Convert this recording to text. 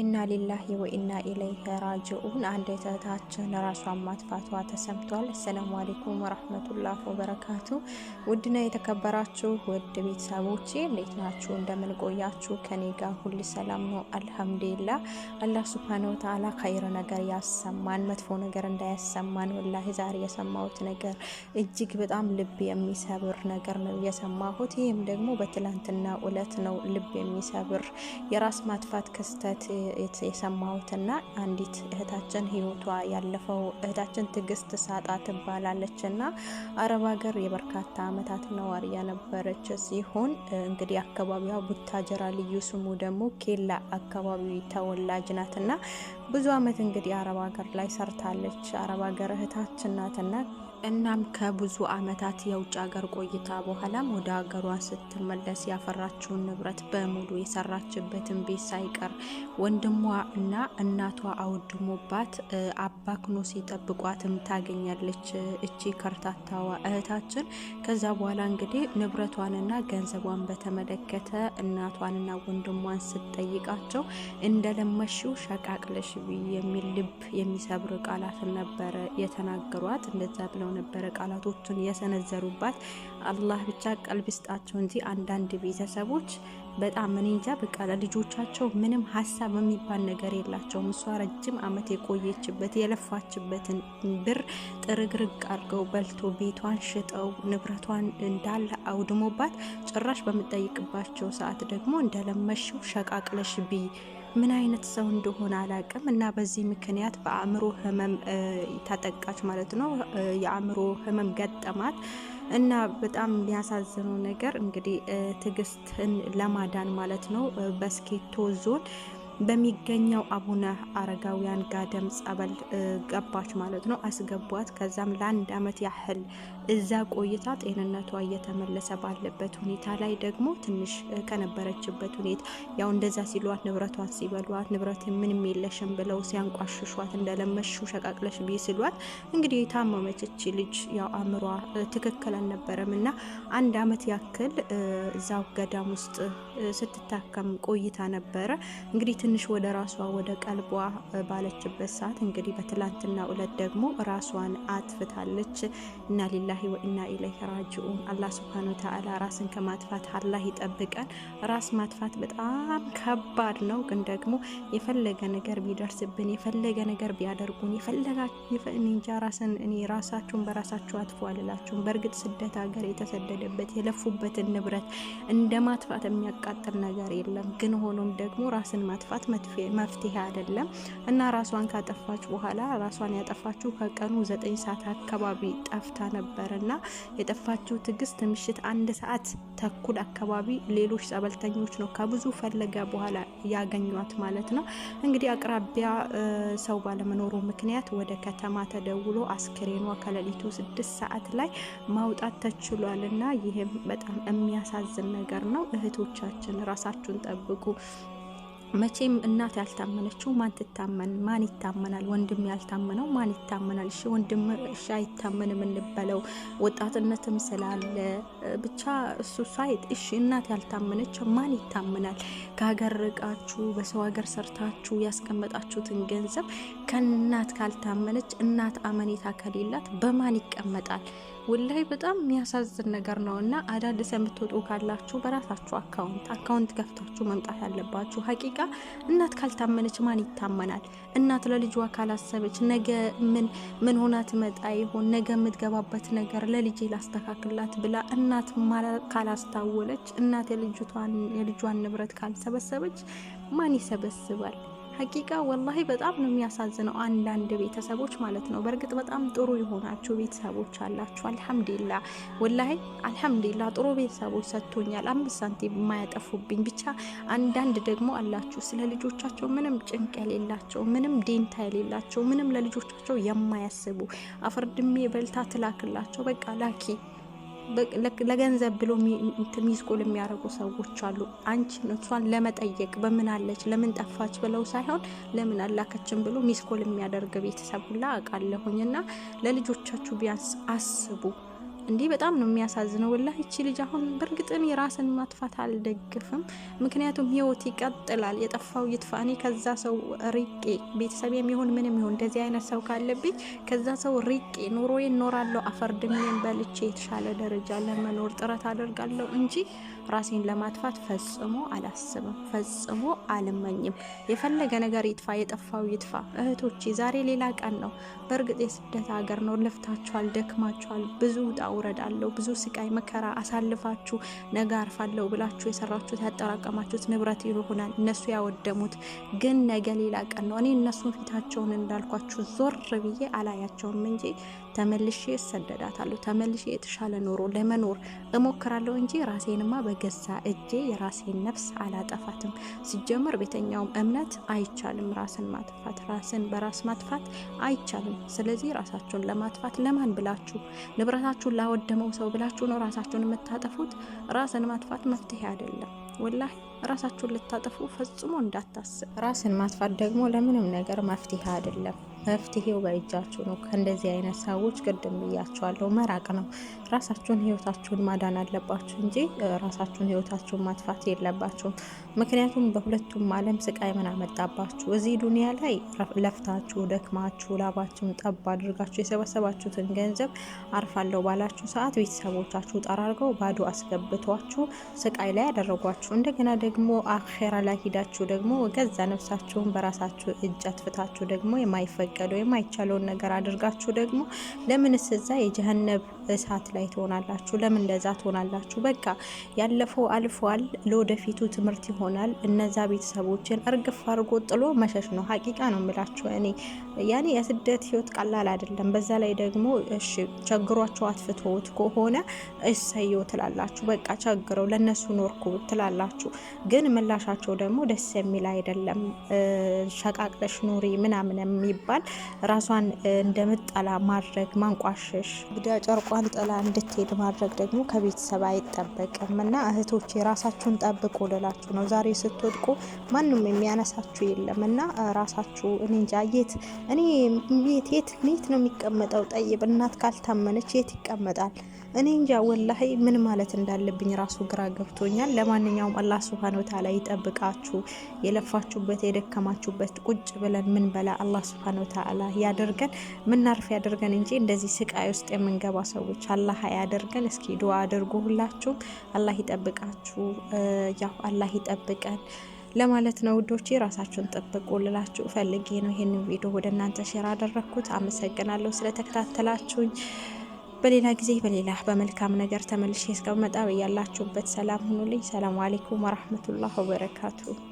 ኢና ሊላሂ ወኢና ኢለይሂ ራጅኡን አንድ እህታችን ራሷን ማጥፋቷ ተሰምቷል። አሰላሙ አሌይኩም ወረህመቱላህ ወበረካቱ። ውድና የተከበራችሁ ውድ ቤተሰቦቼ እንዴት ናችሁ? እንደምንቆያችሁ ከኔ ጋር ሁል ሰላም ነው አልሐምዱሊላ። አላህ ሱብሃነ ወተዓላ ኸይር ነገር ያሰማን፣ መጥፎ ነገር እንዳያሰማን። ወላሂ ዛሬ የሰማሁት ነገር እጅግ በጣም ልብ የሚሰብር ነገር ነው የሰማሁት። ይህም ደግሞ በትላንትና እለት ነው ልብ የሚሰብር የራስ ማጥፋት ክስተት የሰማሁትና አንዲት እህታችን ህይወቷ ያለፈው እህታችን ትዕግስት ሳጣ ትባላለች እና አረብ ሀገር የበርካታ አመታት ነዋሪ የነበረች ሲሆን እንግዲህ አካባቢዋ ቡታጀራ ልዩ ስሙ ደግሞ ኬላ አካባቢ ተወላጅ ናትና ብዙ አመት እንግዲህ አረብ ሀገር ላይ ሰርታለች። አረብ ሀገር እህታችን ናትና እናም ከብዙ ዓመታት የውጭ ሀገር ቆይታ በኋላም ወደ ሀገሯ ስትመለስ ያፈራችውን ንብረት በሙሉ የሰራችበትን ቤት ሳይቀር ወንድሟ እና እናቷ አውድሞባት አባክኖ ሲጠብቋትም ታገኛለች እቺ ከርታታዋ እህታችን። ከዛ በኋላ እንግዲህ ንብረቷንና ገንዘቧን በተመለከተ እናቷንና ወንድሟን ስትጠይቃቸው እንደለመሽው ሸቃቅለሽ የሚል ልብ የሚሰብር ቃላትን ነበረ የተናገሯት እንደዛ ብለው ብለው ነበረ ቃላቶቹን የሰነዘሩባት። አላህ ብቻ ቀልብ ስጣቸው እንጂ አንዳንድ ቤተሰቦች በጣም ምን እንጃ በቃ ለልጆቻቸው ምንም ሀሳብ የሚባል ነገር የላቸውም። እሷ ረጅም ዓመት የቆየችበት የለፋችበትን ብር ጥርግርግ አድርገው በልቶ ቤቷን ሽጠው ንብረቷን እንዳለ አውድሞባት ጭራሽ በምጠይቅባቸው ሰዓት ደግሞ እንደለመሽው ሸቃቅለሽ ብይ ምን አይነት ሰው እንደሆነ አላቅም እና በዚህ ምክንያት በአእምሮ ህመም ተጠቃች ማለት ነው። የአእምሮ ህመም ገጠማት እና በጣም የሚያሳዝነው ነገር እንግዲህ ትዕግስትን ለማዳን ማለት ነው በስኬቶ ዞን በሚገኘው አቡነ አረጋውያን ጋደም ጸበል ገባች ማለት ነው። አስገቧት። ከዛም ለአንድ አመት ያህል እዛ ቆይታ ጤንነቷ እየተመለሰ ባለበት ሁኔታ ላይ ደግሞ ትንሽ ከነበረችበት ሁኔታ ያው እንደዛ ሲሏት ንብረቷን ሲበሏት ንብረት ምንም የለሽም ብለው ሲያንቋሽሿት እንደለመሹ ሸቃቅለሽ ቢ ስሏት እንግዲህ የታመመች ልጅ ያው አእምሯ ትክክል አልነበረም እና አንድ አመት ያክል እዛው ገዳም ውስጥ ስትታከም ቆይታ ነበረ እንግዲህ ትንሽ ወደ ራሷ ወደ ቀልቧ ባለችበት ሰዓት እንግዲህ በትላንትና ዕለት ደግሞ ራሷን አጥፍታለች። እና ሊላሂ ወኢና ኢለይሂ ራጅኡን። አላህ ሱብሃነሁ ወተዓላ ራስን ከማጥፋት አላህ ይጠብቀን። ራስ ማጥፋት በጣም ከባድ ነው። ግን ደግሞ የፈለገ ነገር ቢደርስብን የፈለገ ነገር ቢያደርጉን የፈለጋ ራስን እኔ ራሳችሁን በራሳችሁ አጥፉ አልላችሁም። በእርግጥ ስደት ሀገር የተሰደደበት የለፉበትን ንብረት እንደ ማጥፋት የሚያቃጥል ነገር የለም። ግን ሆኖም ደግሞ ራስን ማጥፋት ማጥፋት መፍትሄ አይደለም እና ራሷን ካጠፋች በኋላ ራሷን ያጠፋችው ከቀኑ ዘጠኝ ሰዓት አካባቢ ጠፍታ ነበር እና የጠፋችው ትግስት ምሽት አንድ ሰዓት ተኩል አካባቢ ሌሎች ጸበልተኞች ነው ከብዙ ፈለጋ በኋላ ያገኟት ማለት ነው። እንግዲህ አቅራቢያ ሰው ባለመኖሩ ምክንያት ወደ ከተማ ተደውሎ አስክሬኗ ከሌሊቱ ስድስት ሰዓት ላይ ማውጣት ተችሏል እና ይህም በጣም የሚያሳዝን ነገር ነው። እህቶቻችን ራሳችሁን ጠብቁ። መቼም እናት ያልታመነችው ማን ትታመን? ማን ይታመናል? ወንድም ያልታመነው ማን ይታመናል? እሺ ወንድም እሺ አይታመንም እንበለው። ወጣትነትም ስላለ ብቻ እሱ ሳይት እሺ እናት ያልታመነች ማን ይታመናል? ከሀገር ርቃችሁ በሰው ሀገር ሰርታችሁ ያስቀመጣችሁትን ገንዘብ ከእናት ካልታመነች እናት አመኔታ ከሌላት በማን ይቀመጣል? ውላይ በጣም የሚያሳዝን ነገር ነው እና አዳዲስ የምትወጡ ካላችሁ በራሳችሁ አካውንት አካውንት ከፍታችሁ መምጣት ያለባችሁ። ሀቂቃ እናት ካልታመነች ማን ይታመናል? እናት ለልጇ ካላሰበች ነገ ምን ምን ሆና ትመጣ ይሆን? ነገ የምትገባበት ነገር ለልጄ ላስተካክላት ብላ እናት ካላስታወለች፣ እናት የልጇን ንብረት ካልሰበሰበች ማን ይሰበስባል? ሀቂቃ ወላሂ በጣም ነው የሚያሳዝነው። አንዳንድ ቤተሰቦች ማለት ነው። በእርግጥ በጣም ጥሩ የሆናችሁ ቤተሰቦች አላችሁ። አልሐምዱሊላ ወላሂ አልሐምዱሊላ ጥሩ ቤተሰቦች ሰጥቶኛል። አምስት ሳንቲም የማያጠፉብኝ ብቻ። አንዳንድ ደግሞ አላችሁ ስለ ልጆቻቸው ምንም ጭንቅ የሌላቸው፣ ምንም ዴንታ የሌላቸው፣ ምንም ለልጆቻቸው የማያስቡ አፈርድሜ በልታ ትላክላቸው በቃ ላኪ ለገንዘብ ብሎ ሚስቁል የሚያደርጉ ሰዎች አሉ። አንቺ እሷን ለመጠየቅ በምን አለች ለምን ጠፋች ብለው ሳይሆን ለምን አላከችን ብሎ ሚስኮል የሚያደርግ ቤተሰብ ሁላ አውቃለሁኝ። እና ለልጆቻችሁ ቢያንስ አስቡ። እንዲህ በጣም ነው የሚያሳዝነው። ወላ ይቺ ልጅ አሁን በእርግጥም የራስን ማጥፋት አልደግፍም። ምክንያቱም ህይወት ይቀጥላል። የጠፋው ይጥፋ። እኔ ከዛ ሰው ሪቄ ቤተሰብ የሚሆን ምንም ይሆን እንደዚህ አይነት ሰው ካለብኝ ከዛ ሰው ሪቄ ኑሮዬ ኖራለሁ። አፈር ድሜን በልቼ የተሻለ ደረጃ ለመኖር ጥረት አደርጋለሁ እንጂ ራሴን ለማጥፋት ፈጽሞ አላስብም፣ ፈጽሞ አልመኝም። የፈለገ ነገር ይጥፋ፣ የጠፋው ይጥፋ። እህቶቼ ዛሬ ሌላ ቀን ነው። በእርግጥ የስደት ሀገር ነው። ለፍታችኋል፣ ደክማችኋል። ብዙ ውጣ ውረድ አለው፣ ብዙ ስቃይ መከራ አሳልፋችሁ ነገ አርፋለሁ ብላችሁ የሰራችሁት ያጠራቀማችሁት ንብረት ይሆናል እነሱ ያወደሙት። ግን ነገ ሌላ ቀን ነው። እኔ እነሱን ፊታቸውን እንዳልኳችሁ ዞር ብዬ አላያቸውም እንጂ ተመልሼ እሰደዳታለሁ፣ ተመልሼ የተሻለ ኑሮ ለመኖር እሞክራለሁ እንጂ ራሴንማ በ በገዛ እጄ የራሴን ነፍስ አላጠፋትም። ሲጀመር ቤተኛውም እምነት አይቻልም ራስን ማጥፋት፣ ራስን በራስ ማጥፋት አይቻልም። ስለዚህ ራሳችሁን ለማጥፋት ለማን ብላችሁ ንብረታችሁን ላወደመው ሰው ብላችሁ ነው ራሳችሁን የምታጠፉት። ራስን ማጥፋት መፍትሄ አይደለም ወላሂ ራሳችሁን ልታጠፉ ፈጽሞ እንዳታስብ። ራስን ማጥፋት ደግሞ ለምንም ነገር መፍትሄ አይደለም። መፍትሄው በእጃችሁ ነው። ከእንደዚህ አይነት ሰዎች ቅድም ብያቸዋለሁ፣ መራቅ ነው። ራሳችሁን ህይወታችሁን ማዳን አለባችሁ እንጂ ራሳችሁን ህይወታችሁን ማጥፋት የለባችሁም። ምክንያቱም በሁለቱም ዓለም ስቃይ ምን አመጣባችሁ? እዚህ ዱኒያ ላይ ለፍታችሁ ደክማችሁ ላባችሁን ጠብ አድርጋችሁ የሰበሰባችሁትን ገንዘብ አርፋለሁ ባላችሁ ሰዓት ቤተሰቦቻችሁ ጠራርገው ባዶ አስገብቷችሁ ስቃይ ላይ ያደረጓችሁ እንደገና ደግሞ አኼራ ላይ ሂዳችሁ ደግሞ ገዛ ነፍሳችሁን በራሳችሁ እጅ አትፍታችሁ ደግሞ የማይፈቀደው የማይቻለውን ነገር አድርጋችሁ ደግሞ ለምንስ እዛ የጀሀነብ እሳት ላይ ትሆናላችሁ። ለምን እንደዛ ትሆናላችሁ? በቃ ያለፈው አልፏል፣ ለወደፊቱ ትምህርት ይሆናል። እነዛ ቤተሰቦችን እርግፍ አድርጎ ጥሎ መሸሽ ነው። ሀቂቃ ነው የምላችሁ እኔ ያኔ የስደት ህይወት ቀላል አይደለም። በዛ ላይ ደግሞ እሺ ቸግሯቸው አትፍቶት ከሆነ እሰየው ትላላችሁ። በቃ ቸግረው ለእነሱ ኖርኩ ትላላችሁ። ግን ምላሻቸው ደግሞ ደስ የሚል አይደለም። ሸቃቅለሽ ኑሪ ምናምን የሚባል ራሷን እንደምጠላ ማድረግ ማንቋሸሽ፣ ጨርቆ ቋንቋን ጥላ እንድትሄድ ማድረግ ደግሞ ከቤተሰብ አይጠበቅም እና እህቶች የራሳችሁን ጠብቁ ልላችሁ ነው። ዛሬ ስትወድቁ ማንም የሚያነሳችሁ የለም እና ራሳችሁ እኔ እንጃ የት እኔ የት የት ነው የሚቀመጠው? ጠይብ እናት ካልታመነች የት ይቀመጣል? እኔ እንጃ ወላሂ ምን ማለት እንዳለብኝ ራሱ ግራ ገብቶኛል። ለማንኛውም አላህ ሱብሃነ ወተዓላ ይጠብቃችሁ። የለፋችሁበት የደከማችሁበት ቁጭ ብለን ምን በላ አላህ ሱብሃነ ወተዓላ ያደርገን፣ ምናርፍ ያደርገን እንጂ እንደዚህ ስቃይ ውስጥ የምንገባ ሰው ሰዎች አላህ ያደርገን። እስኪ ዱዓ አድርጉ ሁላችሁም። አላህ ይጠብቃችሁ፣ ያው አላህ ይጠብቀን ለማለት ነው ውዶቼ። ራሳችሁን ጠብቁ ልላችሁ ፈልጌ ነው ይህን ቪዲዮ ወደ እናንተ ሼር አደረግኩት። አመሰግናለሁ ስለተከታተላችሁኝ። በሌላ ጊዜ በሌላ በመልካም ነገር ተመልሼ እስከመጣ ያላችሁበት ሰላም ሁኑልኝ። ሰላም አሌይኩም ወራህመቱላህ ወበረካቱ።